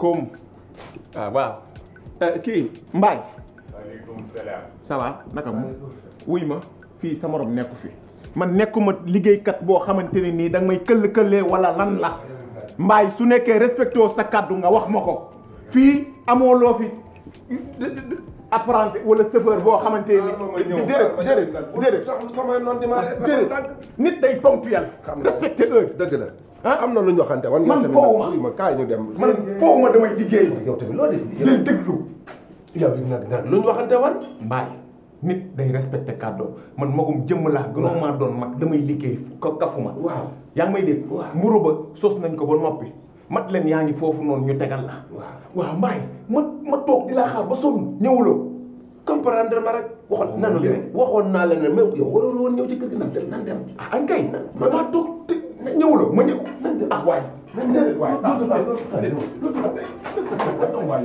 Koum ah, eh, kii Mbaye. waaleykum salaam. ça mu wuy ma fii sa morom nekku fi man nekkuma liggéeykat boo xamante ni nii da nga may këll këllee wala lan la Mbaye su nekkee respecté sa kàddu nga wax ma ko fii amoo loo fi apprenti wala chauffeur boo xamante ah, ni déedéet déedéet déedéet nit day ponctuel respecté heure dëgg la am na lu ñu waxante wan. man foofu ma kaay ñu dem. man foofu ma damay liggéey. yow tamit loo def liggéey yow nag lu ñu waxante wan. mbaay nit day respecté kàddoo man magum jëmm laa gënoo maa doon liggéey ka kafuma. waaw yaa ngi may dégg. mburu ba sos nañ ko ba noppi. mat leen yaa ngi foofu noonu ñu tegal la. waaw waaw mbaay ma ma toog di la xaar ba sonn ñëwuloo. comprendre ma rek waxoon nanu leen waxoon naa leen ne mais yow waroon woon ñëw ci kër gi nan dem ah an kay ma toog mais ñëwuloo ma ñëw. ah waay. déedéet waay ah déedéet waay.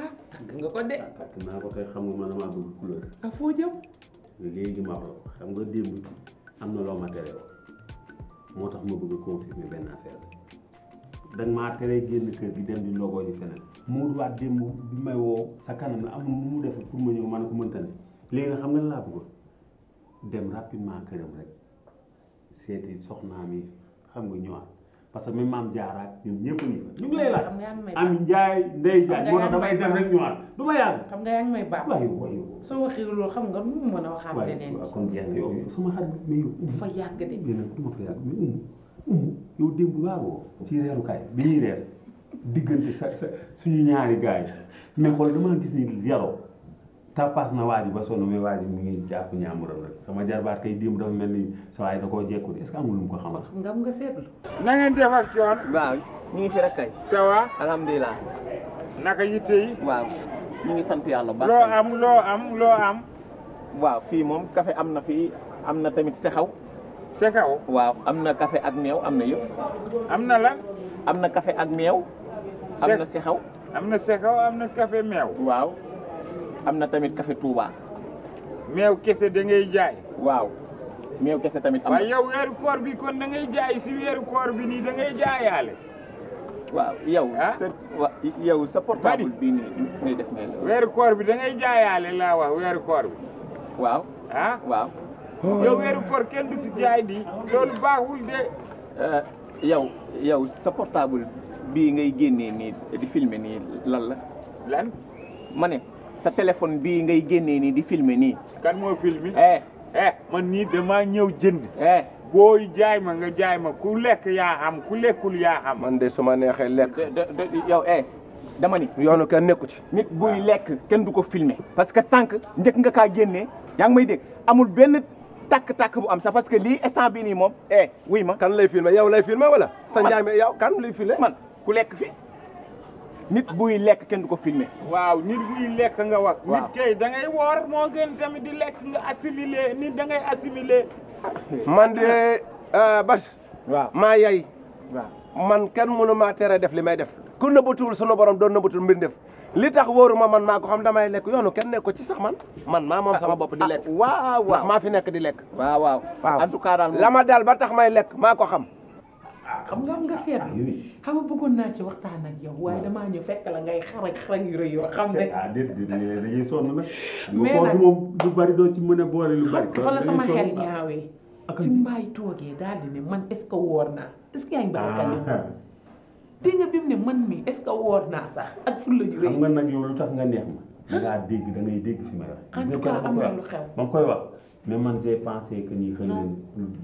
ah tàgg nga ko de. naa ko kay xam nga ma damaa bëgg couleur. ah foo jëm. léegi ma wax xam nga démb am na loo ma tere woon moo tax ma bëgg a confirmer benn affaire da nga maa tere génn kër gi dem di ndogoo ji feneen. Mourou waat démb bi may woo sa kanam la amul nu mu def pour ma ñëw ma ne ko mënta ne léegi nag xam nga laa bëggoon dem rapidement këram rek seeti soxnaa mi xam nga ñëwaat. parce que même maam jaaraat ñoom ñëpp ñu fa. ñu ngi lay laaj am Ndiaye Ndeye Ndiaye moo tax damay dem rek ñëwaat du ma yàgg. xam nga yaa may baax soo waxee loolu xam nga nu mu mën a waxaat leneen. waaw kon jeex na yow sama xarit mais fa yàgg de. mais nag du ma fa yàgg mais umu umu yow démb waawoo ci reerukaay bi ñuy reer diggante sa sa suñu ñaari gars yi xool damaa gis ni yaroo. tappaas na waa ji ba sonn mais waa mu ngi jàpp ñaamuram rek sama jarbaat kay démb dafa mel ni sa waay da koo jekkul na ngeen def ak ngi fi rek kay. ngi sant yàlla baax. loo am loo fii moom café am na fii am na tamit sexaw. sexaw. waaw na café ak meew am na yëpp. am na lan. am na kafe ak meew. am na sexaw. am na sexaw am na café meew. waaw. am tamit café Touba. mew kessé da ngay jaay. waw mew kessé tamit. amna na yow wér koor bi kon da ngay jaay si wér koor bi ni da ngay jaayale waw yow. sa yow sa portable bi ni ngay def mel wér koor bi da ngay jaayale la wax wér koor bi. waw ah waw yow wér koor kenn du ci jaay di lool baaxul de. Eh, yow yow sa portable bi ngay génné ni di filmer ni lan la. lan mané sa téléphone bii ngay génnee nii di filmer nii. kan moo filmer. eh eh man nii damaa ñëw jënd. eh booy jaay ma nga jaay ma ku lekk yaa am ku lekkul yaa am man de su ma neexee lekk. yow eh dama ni. yoonu kenn nekku ci. nit buy lekk kenn du ko filmer. parce que sànq njëkk nga kaa génnee yaa ngi may dégg amul benn. tak tàkk bu am sa parce que lii instant bii nii moom eh wuy ma. kan lay filmer yow lay filmer wala. sa njaay mi yow kan lay filmer man ku lekk fi nit buy lekk kenn du ko filmer waaw nit buy lekk nga wax nit kay da ngay woor moo gën tamit di lekk nga assimilé nit da ngay assimilé man de euh, Bas waaw maa yay waaw man kenn mënu maa tere def li may def ku nëbbatuwul sunu borom doon nëbbatul mbir def li tax wóoruma man maa ko xam damay lekk yoonu kenn nekk ci sax man man maa moom sama bopp di lekk ah, waaw waaw maa fi nekk di lekk waaw waaw en tout cas daal ma daal ba tax may lekk maa ko xam xam nga am nga seet ah, xam nga bëggoon naa ci waxtaan ak waaye damaa ñu fekk la ngay xaraj yu rëy xam ne ah déedéet dañuy sonn nag mais nag moom lu bari doo ci mën boole lu bari fa la sama xel ñaawee ah, fi mbaay toogee man est ce que woor naa ce que yaa ngi ah. nga bi mu man mi est ce que woor naa sax ak fur la ju rëy xam nga tax nga neex ma dangaa dégg da ngay dégg fi ma wax en tout am na lu xew ma koy wax mais man j'ai pensé que ni xëy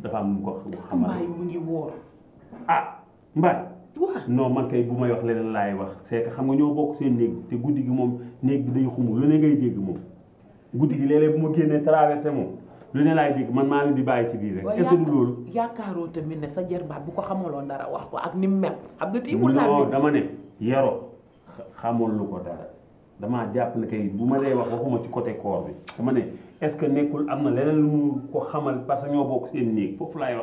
dafa am lu ko xamal mu ngi woor ah Mbaye. waaw non man kay bu may wax leneen laay wax c'est xam nga ñoo bokk seen néeg te guddi gi moom néeg bi day xumb lu ne ngay dégg moom guddi gi léeg bu ma génnee se moom lu ne laay dégg man maa ngi di bàyyi ci biir rek. est-ce loolu. yaakaaroo tamit ne sa jarbaat bu ko xamaloon dara wax ko ak ni mu mel. xam nga tiimul laa non dama ne yaro xamoon lu ko dara damaa jàpp ne kay bu ma lay wax waxuma ci côté corps bi dama ne est-ce que nekkul am na leneen lu mu ko xamal parce que ñoo bokk seen néeg laay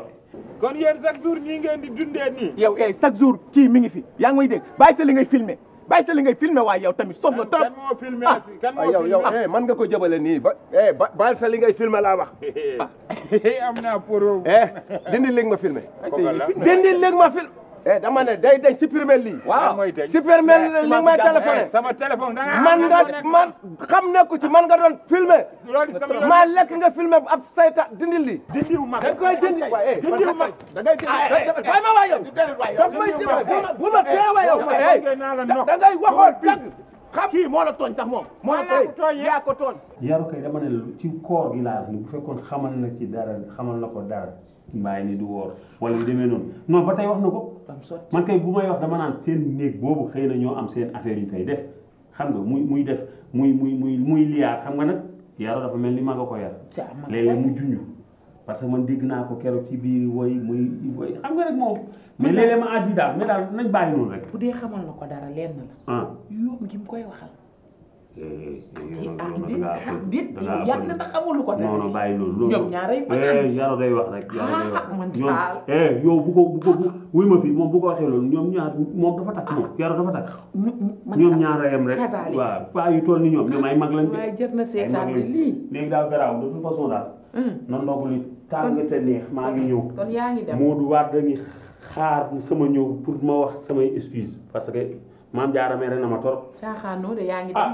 kon yéen chaque jour ñii ngeen di dundee nii. yow eh chaque jour kii mi ngi fi yaa ngi may dégg bàyyi sa li ngay filmer bàyyi sa li ngay filmer waaye yow tamit soof na trop. kan a filmer ah. si ah, eh, man nga ko jëbale nii ba eh, ba bàyyi sa li ngay filmer laa wax. Eh, am naa pour. eh dindi léegi ma filmer. dindi léegi ma filmer. eh dama ne day dañ supprimer lii. waaw mooy dañ supprimer li may téléphoné. sama téléphone da nga man nga man xam nekku ci man nga doon filmer. maa lekk nga filmer ab sayta dindi lii. dindiw mag da koy dindi waaye. dindiw mag da ngay dindi waaye ma waa yow. daf may dindi bu ma teewee yow. da ngay waxoon tag xam kii moo la tooñ sax moom. moo la tooñ yaa ko tooñ. yaru kay dama ne ci koor gi laa ni bu fekkoon xamal na ci dara xamal na ko dara. mbaa ni du woor wala demee noonu non ba tey wax na ko. man kay bu may wax dama naan seen néeg boobu xëy na ñoo am seen affaire yu koy def xam nga muy muy def muy muy muy muy liyaar xam nga nag yaro dafa mel ni ma nga ko yar léeg-léeg mu junj parce que man dégg naa ko keroog ci biir woy muy woy xam nga rek moom mais léeg-léeg ma àddi daal mais daal nañ bàyyi noonu rek bu dee xamal na ko dara leen na la ah. yoom gi mu koy waxal Ah, ah, yàgg na ndax amul ko eh, dara ah, eh, na seetaan façon daal hmm. nan doogu li tàng te neex maa ngi ñëw kon yaa ngi moo du waat xaar sama ñëw pour ma wax samay excuse parce que maam jaara mere na ma torop caaxaanoo de yaa ngi dem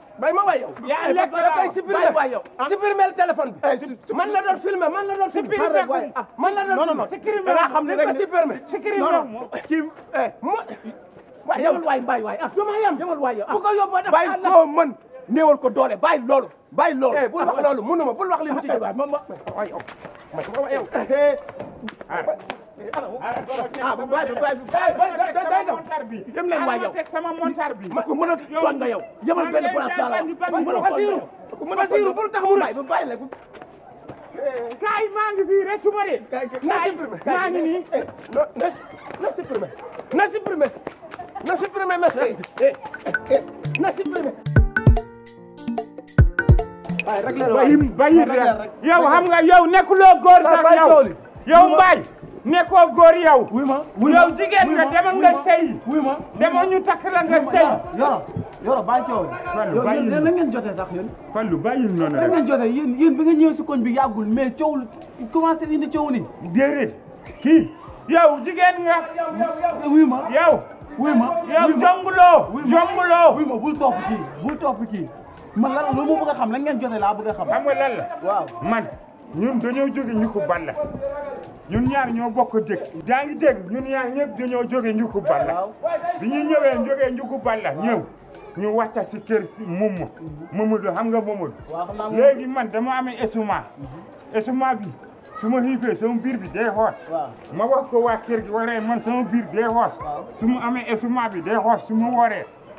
bay ma waay yow. yaa lekk da koy supprimer waay yow. bi. man la doon filmer man la doon filmer. man la doon filmer. non non da ngaa xam ne rek ne waay yow waay mbay waay ah. du ma yem yowal waay yow ah bu ko yóbboo dafa àll. ko doole bàyyi loolu. bàyyi loolu eh bul wax loolu mënuma bul wax li mu ci jëm. waay ma ma waay yow. ah bu baax Eu não bi. dem leen está yow ku não a toog nga yow yemal benn place la ku mën a toog yow. Basiru bul tax mu rëcc bu Eu não ku. kaay maa está fii rek não ma dee. na supprimer maa ngi nii. na supprimer na supprimer na supprimer message eh, eh, eh, na supprimer. waaye rek la Eu não xam nga yow está góor sax não yow Mbaye ne ko góor yow. wuy ma wuy ma yow jigéen nga demoon nga sëy. wuy ma demoon ñu takk la nga sëy. yoro yoro bàyyi coow. Fallou bàyyi yéen la ngeen jotee sax yéen. Fallou bàyyi noonu rek. la ngeen jotee yéen yéen bi nga ñëw si koñ bi yàggul mais coow commencé indi coow ni. déedéet kii. yow jigéen nga. wuy ma yow. wuy ma yow jonguloo. jonguloo. wuy ma bul topp kii bul topp kii man lan lu ma bëgg a xam la ngeen jotee laa bëgg a xam. xam nga lan la waaw man ñun dañoo jóge ñu ko balla ñun ñaar ñoo bokk dëkk daa ngi dégg ñun ñaar ñëpp dañoo jóge ñu ko balla bi ñu ñëwee jógee ñu ko balla ñëw ñu wàcca si kër si Momadou Momadou xam nga Momadou léegi man dama amee esuma esuma bi su ma xiifee sama biir bi day xoos ma wax ko waa kër gi waree man sama biir day xoos su amee esuma bi day xoos su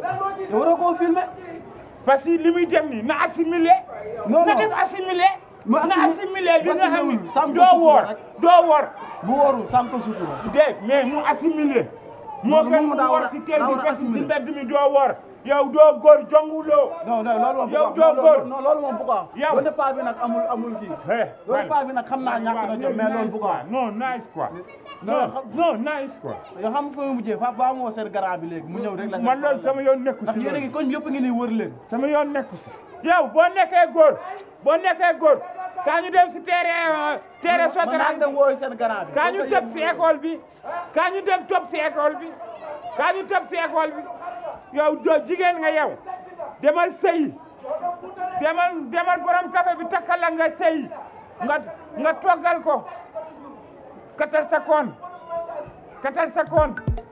te waroo koo filmé. parce que li muy dem nii na assimilé. na def assimilé. ma doo woor doo woor. bu woorul sàmm ko sutura. dégg mu assimilé. moo gën mu war si kër gi fekk si mbedd mi doo woor yow doo góor jonguloo non non loolu moom yow doo góor non loolu moom bu ko yow loolu paa bi nag amul amul kii loolu paa bi xam naa ñàkk na jom mais loolu bu ko non nice naa non non nice quoi yow xam nga fa mujjee fa ba ngoo seen garab bi léegi mu ñëw rek la man loolu sama yoon nekku ndax yéen a ngi koñ yëpp ngi nii wër sama yoon nekku yow boo nekkee góor boo nekkee góor kaa ñu dem si terrain terrain sotaral bi kaa ñu topp si école bi kaa ñu dem topp si école bi kaa ñu topp yow doo jigéen nga yow demal sëyi demal demal borom café bi takkal la nga sëyi nga nga toggal ko katal sa koon katal